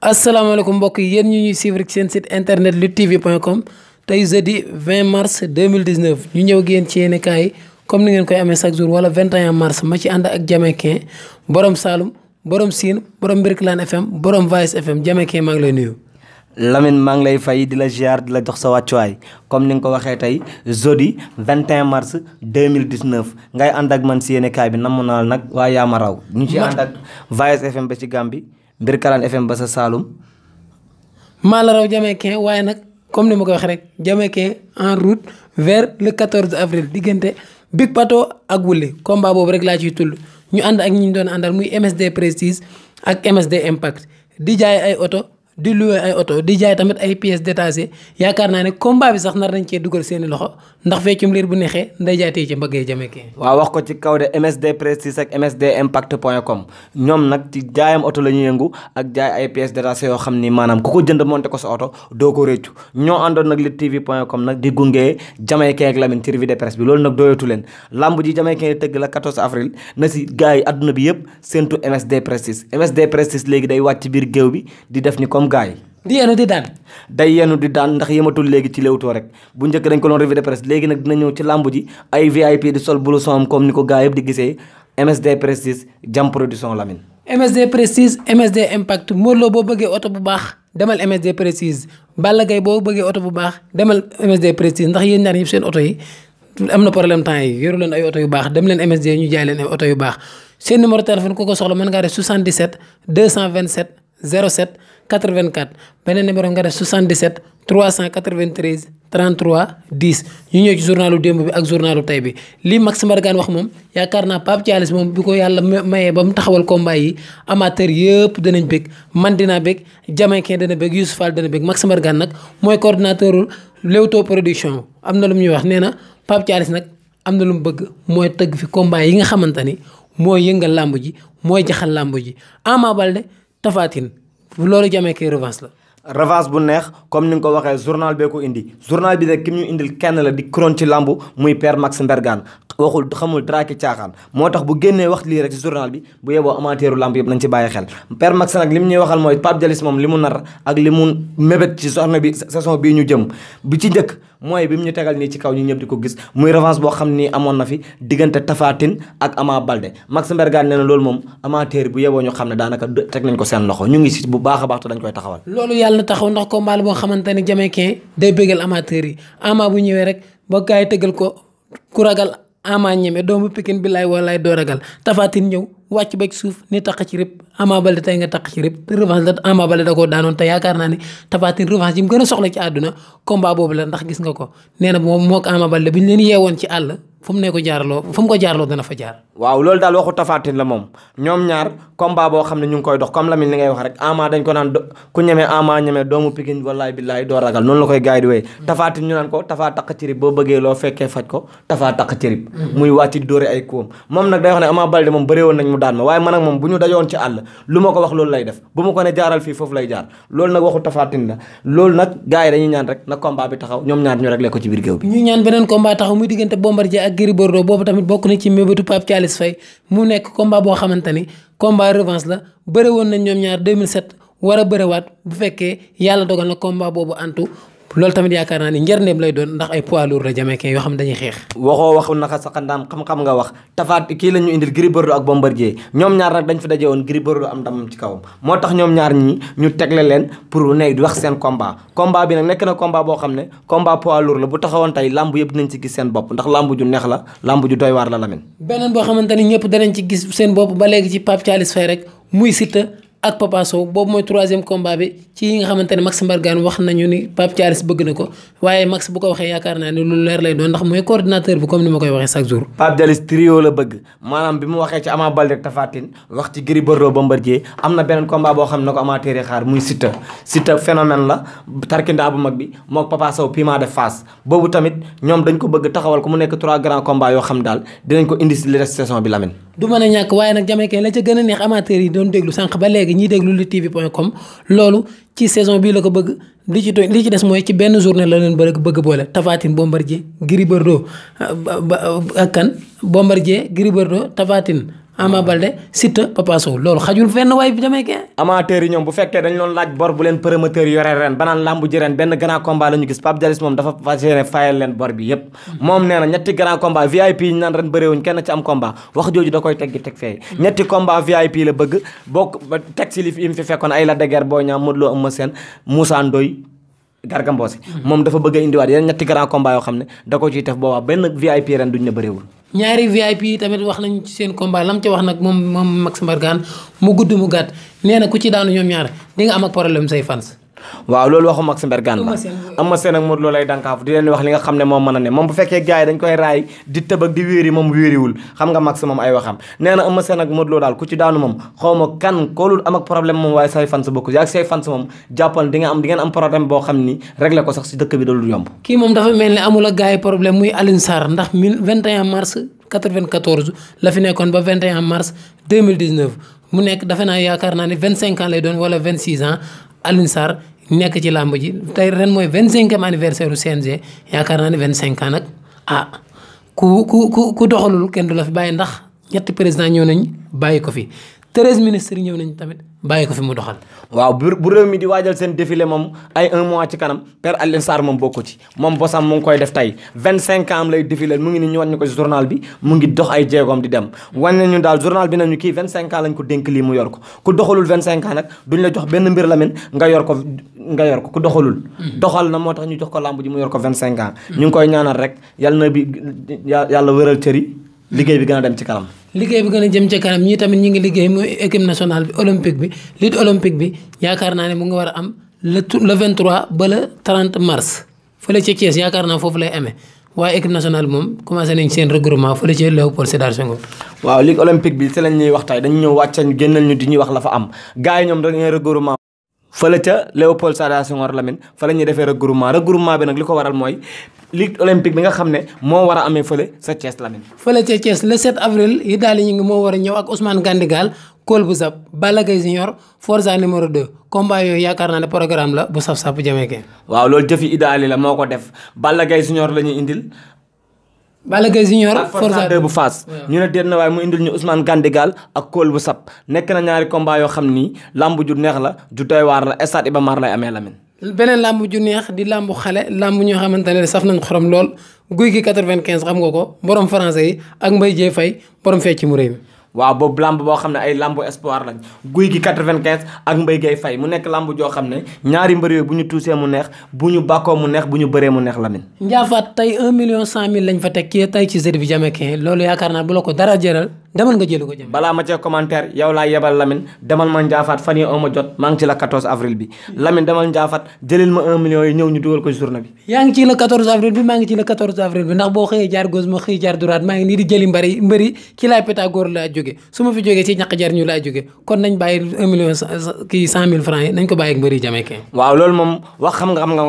asalaamaaleykum mbokk yi yéen ñu ñuy suivre ci seen site internet luttetv.com tey jeudi 20 mars 2019 ñu ñëw génn ci yéen kaay comme ni ngeen koy amee chaque jour wala 21 mars ma ci ànd ak Jamaïcain borom Saloum borom Sine borom Mbirkelane FM borom Voice FM Jamaïcain maa lay nuyu. Lamine maa lay fay di la ziar di la jox sa wàccuwaay comme ni nga ko waxee tey jeudi 21 mars 2019 ngay ànd ak man si kaay bi namm naa nag waa yaa ma raw. ñu ci ànd ak Voice FM ba ci Gambie mbir kalaan FM ba sa saalum maa la raw Jamaïcain waaye nag comme ni ma ko waxee rek Jamaïcain en route vers le 14 avril diggante Big Pato ak Wuli combat boobu rek laa ciy tull ñu ànd ak ñi ñu doon àndal muy MSD Prestige ak MSD Impact di jaay ay oto. di loué ay oto di jaay tamit ay pièces détachées yaakaar naa ne combat bi sax nar nañ cee dugal seen i loxo ndax feccum liir bu neexee nday jaay tey ci mbëggee jame kii wax ko ci kaw de MSD Prestige ak MSD Impact point com nag ci jaayam oto la ñuy yëngu ak jaay ay pièces détachées yoo xam ni maanaam ku ko jënd monté ko sa oto doo ko réccu ñoo àndoon nag li tv point com nag di gunge Jamaïcain ak Lamine ci revue de presse bi loolu nag doyatu leen lamb ji Jamaïcain yi tëgg la 14 avril na si gars yi adduna bi yëpp séentu MSD Prestige MSD Prestige léegi day wàcc biir géew bi di def ni comme gaay di yenu di yenu di daan ndax yëmatul léegi ci Leewtoo rek bu njëkk dañ ko doon revue de presse léegi nag dina ñëw ci làmb ay VIP di sol blouson am comme ni ko gaay yëpp di gisee MSD Prestige Jam Production Lamine MSD Prestige MSD Impact Modou boo bëggee oto bu baax demal MSD Prestige ndax yéen ñaar ñëpp seen oto yi am na problème temps yi yoru ay oto yu baax dem leen MSD ñu jaay leen ay oto yu baax seen numéro téléphone ku ko soxla mën ngaa def 84 beneen numéro nga def 77 393 33 10 ñu ñëw ci journalu démb bi ak journalu tay bi lii Max Mbargane wax moom yaakaar naa Pape Thialis moom bi ko yàlla mayee ba mu taxawal combat yi amateur yëpp danañ bëgg man dinaa bëgg Jamaïcain dana bëgg Youssou Fall dana bëgg Max Mbargane nag mooy coordinateur Leewtoo production am na lu muy wax nee na Pape Thialis nag am na lu mu bëgg mooy tëgg fi combat yi nga xamante ni mooy yëngal làmb ji mooy jaxal làmb ji Ama Baldé Tapha bu loolu jamee kay revanche la revanche bu neex comme ni nga ko waxee journal bee ko indi journal bi nag ki ñu indil kenn la di kron ci lambu muy père Max Mbergane waxul xamul draaki caaxaan moo tax bu génnee lii rek ci bi bu yeboo amateeru lamb yëpp nañ ci bàyyi xel père Max nag li mu ñuy waxal mooy Pape Dialis moom li mu nar ak li mu mébét ci soxna bi saison bii ñu jëm bu ci njëkk mooy bi mu ñu tegal nii ci kaw ñu ñëpp di ko gis muy revanche boo xam ni amoon na fi diggante tafaatin Tine ak Ama Baldé Max Mbergane nee na loolu moom amateur bu yeboo ñu xam ne daanaka teg nañ ko seen loxo ñu ngi si bu baax a baax te koy taxawal na taxaw ndax combat la boo xamante ne Jamaïcain day bëggal amateur yi Ama bu ñëwee rek ba gars yi tëggal ko ku ragal Ama ñeme doomu Pikine bi laay walaay doo ragal Tapha ñëw wàcc ba suuf ni taq ci rëbb Ama Baldé tey nga taq ci rëbb te revanche la Ama Baldé da koo daanoon te yaakaar naa ne Tapha Tine revanche yi gën soxla ci àdduna combat boobu la ndax gis nga ko nee na moom moog Ama Baldé bu ñu leen yeewoon ci àll. fu mu ne ko jaarloo fu mu ko jaarloo dana fa jaar. waaw loolu daal waxu tafaatin la moom ñoom ñaar combat boo xam ne ñu koy dox comme Lamine li ngay wax rek Ama dañ ko moom nag nañ mu daan ma waaye man ak moom bu ñu dajoon ci àll lu ma ko wax loolu lay def bu ma ko ne jaaral fii foofu lay jaar loolu nag waxu tafaatin la loolu nag gaay dañuy ñaan rek na combat bi taxaw ñoom ñaar ñu rek ko ci biir géew bi ak Gris boobu tamit bokk na ci mébétu Pape Thialis Faye mu nekk combat boo xamante ni combat revanche la bëre woon nañ ñoom ñaar 2007 war a bërewaat bu fekkee yàlla dogal na combat boobu antu loolu tamit yaakaar naa ni njërneem lay doon ndax ay poids lourd la jamaïcain yoo xam dañuy xeex waxoo waxu naka sa xandaan xam-xam nga wax tafaat kii la ñu Gris Bordeaux ak Bombardier ñoom ñaar nag dañ fi daje woon Gris Bordeaux am ndam ci kawam moo ñoom ñaar ñi ñu tegle leen pour ne wax seen combat combat bi nag nekk na combat boo xam ne combat poids lourd la bu taxawoon tey lamb yëpp nañ ci gis seen bopp ndax lamb ju neex la lamb ju doy waar la Lamine beneen boo xamante ni ñëpp danañ ci gis seen bopp ba léegi ci Pape Thialis Faye rek muy ak Papa Sow boobu mooy troisième combat bi ci yi nga xamante ne Max Mbargane wax nañu ni Pape Thialis bëgg na ko waaye Max bu ko waxee yaakaar naa ni lu leer lay doon ndax mooy coordinateur bi comme ni ma koy waxee chaque jour. Pape Thialis ko amateur yi xaar muy Siteu de face boobu tamit ñoom dañ ko bëgg taxawal ko mu nekk trois grands combats yoo xam daal dinañ ko indi si li reste saison bi Lamine. du mën a ñàkk waaye nag Jamaïcain la ca gën a neex amateur yi doon déglu sànq ba léegi léegi ñiy déglu TV point com loolu ci saison bii la ko bëgg li ci li ci des mooy ci benn journée la leen bëgg bëgg boole Tapha bombar Bombardier Gris Bordeaux ah, ak kan Bombardier Gris Bordeaux Ama Balde Siteu Papa Sow loolu xajul fenn waay bi demee kenn. amateurs yi ñoom bu fekkee dañ loon laaj bor bu leen promoteur yore ren ba naan làmb ji ren benn grand combat la ñu gis Pape Dialis moom dafa fas yéene fayal leen bor bi yépp mm-hmm. moom nee na ñetti grand combat VIP yi ñu naan ren bëreewuñ kenn ci am combat wax jooju da koy teggi teg fee mm-hmm. ñetti combat VIP la bëgg teg si li fi im fi fekkoon ay la deger boo ñaam Modou Lo Eumeu Sène Moussa Ndoye Garga Mbossé mm-hmm. moom dafa bëgg a indiwaat yeneen ñetti grand combat yoo xam ne da ci ciy def boobaa benn VIP ren duñ ne bëreewul ñaari VIP yi tamit wax nañ ci seen combat lam ci wax nag moom moom Max Mbargane mu gudd mu gàtt nee na ku ci daanu ñoom ñaar di nga am ak problème say fans waaw loolu waxu Max Mbergane la Eumeu Sène ak Modou Lo lay dankaaf di leen wax li nga xam ne moom mën a ne moom bu fekkee gars yi dañ koy raay di tëb ak di wéeri moom wéeriwul xam nga Max moom ay waxam nee na Eumeu Sène ak Modou Lo daal ku ci daanu moom xaw ma kan koolul am ak problème moom waaye say fans bokku yaag say fans moom jàppal di nga am di ngeen ko si dëkk bi dalul yomb kii moom dafa mel ne amul ak problème muy Alioune ndax 21 mars 94 la fi nekkoon ba 21 mars 2019 mu naa yaakaar naa ne 25 ans lay doon wala 26 Alioune nekk ci làmb ji tey mooy vingt cinq anniversaire u CNG yaakaar naa ne vingt cinq ans nag ah ku ku ku ku doxalul kenn du la fi bàyyi ndax ñetti président ñëw nañ bàyyi ko fi treize ministre ñëw nañ tamit bàyyi ko fi mu doxal. waaw bu bu réew mi di waajal seen défilé moom ay un mois ci kanam Père Alioune Sarr moom bokku ci moom bosam mu ngi koy def tey vingt cinq ans lay défilé mu ngi ni ñu wan ñu bi mu ngi dox ay jéegoom di dem. wan nañu daal journal bi nañu kii vingt cinq ans ko dénk lii mu yor ko ku doxalul vingt cinq ans nag duñ la jox benn mbir la mel nga yor ko nga yor ko ku doxalul. Mm-hmm. doxal na moo tax ñu jox ko làmb ji mu yor ko vingt cinq ans. ñu ngi koy ñaanal rek yàlla na bi yàlla wëral cër yi liggéey bi gën dem ci kanam liggéey bi gën a jëm ca kanam ñii tamit ñu ngi liggéey muy équipe nationale bi olympique bi lutte olympique bi yaakaar naa ne mu nga war a am le le 23 ba le 30 mars fële ca Thiès yaakaar naa foofu lay amee waaye équipe nationale moom commencé nañ seen regroupement fële ca Léopold Sédar Senghor. waaw ligue olympique bi si lañ ñuy waxtaay dañu ñëw wàcc génnal ñu di ñuy wax la fa am gars yi ñoom dañuy regroupement. fële ca Léopold Sédar Senghor Lamine fa la ñuy defee regroupement regroupement bi nag li ko waral mooy ligue olympique bi nga xam ne moo war a amee fële sa Thiès Lamine. fële ca Thiès le 7 avril yi daal ñu ngi moo war a ñëw ak Ousmane Gandigal Kool bu Zap Balla Gaye Junior Forza numéro 2 combat yooyu yaakaar naa ne programme la bu saf-saf bu jëmee waaw loolu jëfi Idda la moo ko def Balla Gaye Junior la ñuy indil Balla Gaye Junior ak Forza bu fas ñu ne déet na waaye mu indil ñu Ousmane Gandigal ak Kool bu Sap nekk na ñaari combat yoo xam ni làmb ju neex la ju doy waar la stade Iba Mar lay amee Lamine beneen làmb ju neex di làmbu xale làmb ñoo xamante ne saf nañ xorom lool guy gi 95 xam nga ko borom français yi ak Mbaye fay Faye fee ci mu réew mi waaw boobu làmb boo xam ne ay lambu espoir lañ guy gi 95 ak mbay gay fay mu nekk lamb joo xam ne ñaari mbër bu ñu tuusee mu neex bu ñu bàkkoo mu neex bu ñu bëree mu neex Lamine. Njaafaat tey 1 million cent mille lañ fa teg kii tey ci Zed bi Jamaïcain loolu yaakaar naa bu la ko dara jëral. demal nga jëli ko jëm balaa ma cee commentaire yow laa yebal Lamine demal ma njaafaat fan yi ma jot maa ngi ci la 14 avril bi Lamine demal njaafaat jëlil ma 1 million yi ñëw ñu dugal ko ci bi yaa ngi ci la 14 avril bi maa ngi ci la 14 avril bi ndax boo xëyee jaar gauche ma xëy maa ngi ci laay Pythagore laa jóge su ma ci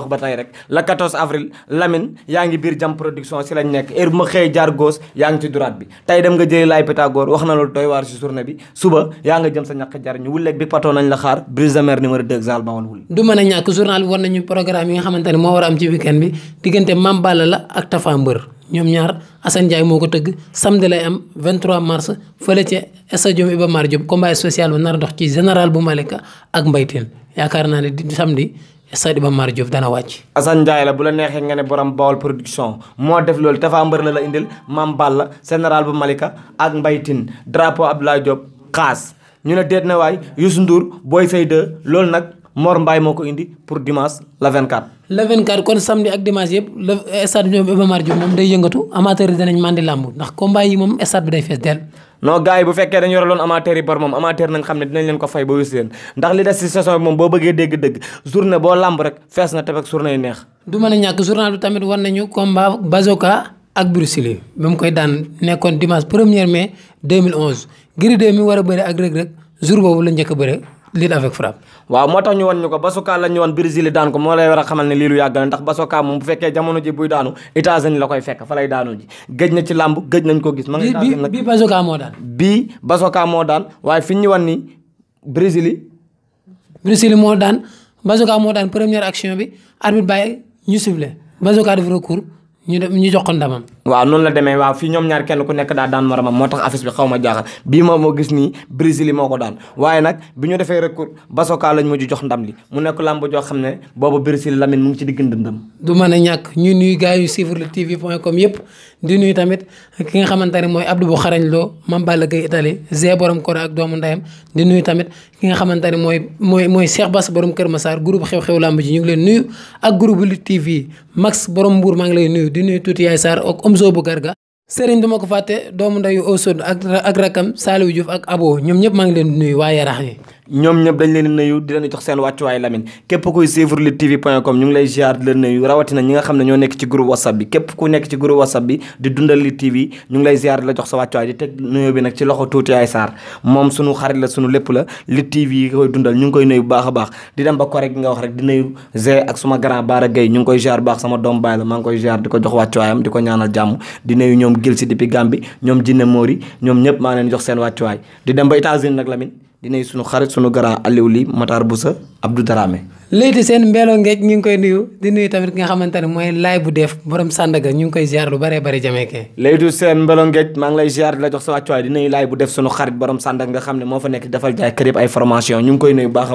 la 14 avril Lamine yaa ngi biir jam production si lañ nekk heure bu ma xëyee jaar gauche yaa ngi ci droite Pythagore wax na loolu doy waar si journée bi suba yaa nga jëm sa ñàkk jariñu wulleeg bi pato nañ la xaar brise de mer numéro 2 Zal du mën a journal bi war nañu programme yi nga xamante moo war a am ci weekend bi diggante Mame Balla la ak Tafa Mbër ñoom ñaar Assane Ndiaye moo ko tëgg samedi lay am 23 mars fële ca stadium Iba Mar Diop combat bu nar dox ci général bu Malika ak Mbayteen yaakaar naa ne samedi stade Iba Mar Diop dana wàcc. Assane Ndiaye la bu la neexee nga ne borom Bawol production moo def loolu Tafa Mbër la la indil Mam Balla général bu Malika ak Mbaye Tine drapeau laa Diop kaas ñu ne déet na waay Youssou Ndour Boy Seyde loolu nag moor Mbaye moo ko indi pour dimanche la vingt 24. le 24 kon samedi ak dimanche yëpp le stade bi ñoom Iba Mar Diop moom day yëngatu amateur yi danañ mandi làmb ndax combat yi moom stade bi day fees dell. non gars yi bu fekkee dañu yore loon amateur yi moom amateur nañ xam ne dinañ leen ko fay ba wis ndax li des si saison moom boo bëggee dégg-dëgg journée boo làmb rek fees na tamit journée yu neex. du mën a ñàkk journal bi tamit war nañu combat Bazoka ak Bruce Lee ba mu koy daan nekkoon dimanche 1er mai 2011 Gris a bëri ak Reug Reug jour boobu la Lille avec frappe. waaw moo tax ñu wan ñu ko Basoka la ñu wan Brésil daan ko moo lay war a xamal ne lii lu yàgg la ndax Basoka moom bu fekkee jamono ji buy daanu États-Unis la koy fekk fa lay daanu ji gëj na ci làmb gëj nañ ko gis. ma ngi bii bii moo daan. bii Basoka moo daan waaye fi ñu wan nii Brésil. Brésil moo daan Basoka moo daan première action bi arbitre bàyyi ñu sifflé Basoka def recours. ñu dem ñu jox ko ndamam. waaw noonu la demee waaw fi ñoom ñaar kenn ku nekk daa daan moromam moo tax affiche bi xaw ma jaaxal bii moom moo gis nii Brésil yi moo ko daan waaye nag bi ñu defee recours basoka lañ mujj jox ndam li mu nekk làmb joo xam ne boobu Brésil Lamine mu ngi ci digg ndëndam. du mën a ñàkk ñu nuyu gars yu suivre le tv point com yëpp di nuyu tamit ki nga xamante ne mooy Abdou bu xarañ loo mam Balla Gaye Italie Zé borom Koro ak doomu ndeyam di nuyu tamit ki nga xamante ne mooy mooy mooy Cheikh Bass borom Kër Massar groupe xew-xew làmb ji ñu ngi leen nuyu ak groupe Lutte TV Max borom mbuur maa ngi lay nuyu di nuyu tuuti Yaay Sarr ak Omzo bu Garga. Sëriñ du ma ko fàtte doomu ndeyu Osod ak ak rakam Saliou Diouf ak Abo ñoom ñëpp maa ngi leen di nuyu waaye Yarax yi ñoom ñëpp dañ leen di nuyu di leen jox seen wàccuwaay Lamine képp kuy suivre Lutte TV point com ñu lay ziar di leen nuyu rawatina ñi nga xam ne ñoo nekk ci groupe whatsapp bi képp ku nekk ci groupe whatsapp bi di dundal Lutte TV ñu ngi lay ziar la jox sa wàccuwaay di teg nuyu bi nag ci loxo tuuti ay saar moom suñu xarit la suñu lépp la Lutte TV yi dundal ñu ngi koy nuyu baax a baax di dem ba korek nga wax rek di nuyu Zé ak suma grand Bara Gueye ñu ngi koy ziar baax sama doom baay maa ngi koy ziar di ko jox wàccuwaayam di ko ñaanal jàmm di nuyu ñoom gil si depuis Gambie ñoom Jinne Mori ñëpp maa leen jox seen wàccuwaay di dem ba états nag Lamine di nuyu sunu xarit sunu grand Aliou Ly Matar Boussa Abdou Dramé léegi seen mbeeloo ngeej ñu ngi koy nuyu di nuyu tamit nga xamante ne mooy laay bu nga xam ne moo fa nekk ñu ngi koy nuyu baax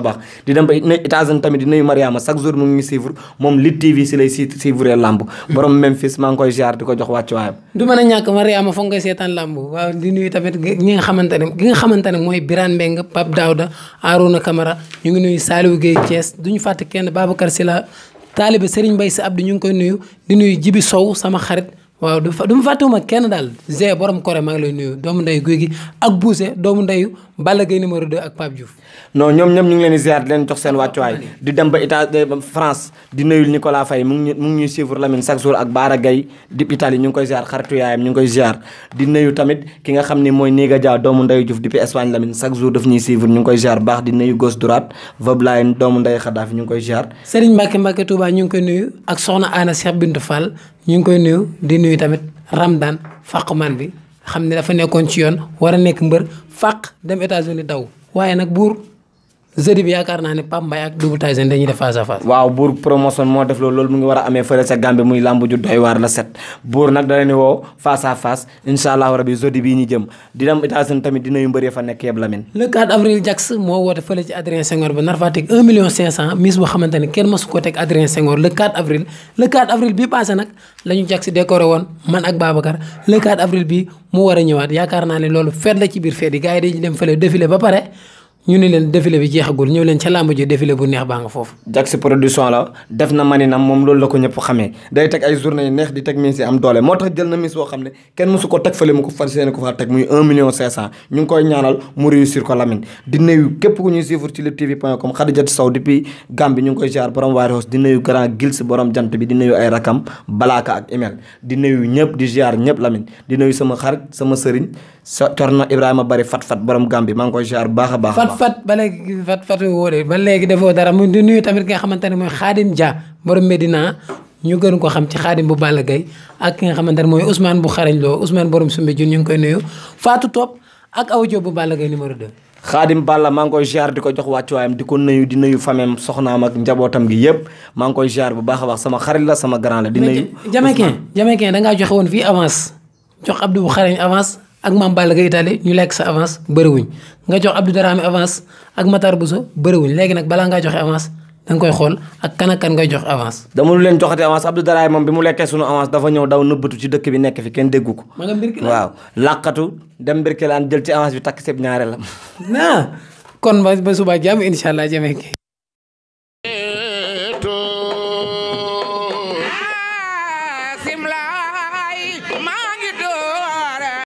a du ñu fàtte kenn Babacar Sylla taalibe Serigne Mbaye Sy Abdou ñu ngi koy nuyu di nuyu Jibi Sow sama xarit waaw du fa du mu fàttewuma kenn daal Zé borom Corée maa ngi lay nuyu doomu ndeyu guy gi ak Bousse doomu ndeyu Balla Gaye numéro 2 ak Pape Diouf. non ñoom ñoom ñu ngi leen di leen jox seen wàccuwaay di dem ba Ita eh, di nuyul Nicolas Faye mu ngi mu ngi ñuy jour ak Baara Gaye di ñu ngi koy ziar xaritu yaayam ñu ngi koy ziar di nuyu tamit ki nga xam ni mooy nii Dia doomu ndeyu Diouf depuis Espagne Lamine chaque jour daf ñuy suivre ñu ngi koy ziar baax di nuyu gauche droite Voblaye doomu ndeyu Khadafi ñu ngi koy ziar. Serigne Mbacke Mbacke ñu ngi koy nuyu ak soxna Anna ñu ngi koy nuyu di nuyu tamit Ramdan fàqman bi xam ne dafa nekkoon ci yoon war a nekk mbër fàq dem États-Unis daw waaye nag buur jeudi bi yaakaar naa ne Pape Mbaye ak Double Tyson dañuy def face à waaw buur promotion moo def loolu mu ngi war a amee fële ca Gambie muy lamb ju doy waar la set buur nag da leen woo face à face incha rabi jeudi bii ñu jëm dina am états fa nekk yëpp Lamine. le 4 avril Jax moo woote fële ci Adrien Senghor ba nar faa teg 1 million 500 mise boo xamante kenn masu teg Adrien Senghor le 4 avril. le 4 avril bii passé nag la naa ñu ni leen défilé bi jeexagul ñëw leen ca làmb ji défilé bu neex baa nga foofu. Jax production la def na maninam moom loolu la ko ñëpp xamee day teg ay journée yu neex di teg miis yi am doole moo tax jël na miis boo xam ne kenn mosu ko teg fële mu ko far seen ko faa teg muy 1 million 500 ñu ngi koy ñaanal mu réussir ko Lamine. di nuyu képp ku ñuy suivre ci luttetv.com Khadijat Sow depuis Gambie ñu ngi koy ziar borom White House di nuyu grand Gils borom jant bi di nuyu ay rakam Balaka ak Emel di nuyu ñëpp di ziar ñëpp Lamine di nuyu sama xarit sama sëriñ. sa Cerno Ibrahima a baax. fat fat ba léegi fat fat wóore ba léegi dara mu nuyu tamit ki nga ne mooy Xaadim Dia bu Balla Gaye ak ki nga xamante ne mooy Ousmane bu xarañ loo Ousmane borom Soumbédioune ñu ngi koy nuyu Fatou Top ak Awa Diop bu Balla Gaye numéro 2. xaadim Balla maa koy ziar di ko jox wàccuwaayam di ko nuyu di nuyu famem soxnaam ak njabootam gi yëpp maa ngi koy ziar bu baax a baax sama xarit la sama grand la. di nuyu Jamaïcain Jamaïcain da ngaa joxe woon ak Mame la Gaye Italie ñu lekk sa avance bëriwuñ nga jox Abdou Darame avance ak Matar Bousso bëriwuñ léegi nag balaa ngaa joxe avance da nga koy xool ak kan ak kan jox avance. dama lu leen joxati avance Abdou Darame moom bi mu lekkee sunu avance dafa ñëw daw nëbbatu ci dëkk bi nekk fi kenn déggu ko. ma nga Birkelane waaw làqatu dem Birkelane jël ci avance bi takk seen ñaareel la. naa kon ba ba subaa jàmm incha allah jëmee kii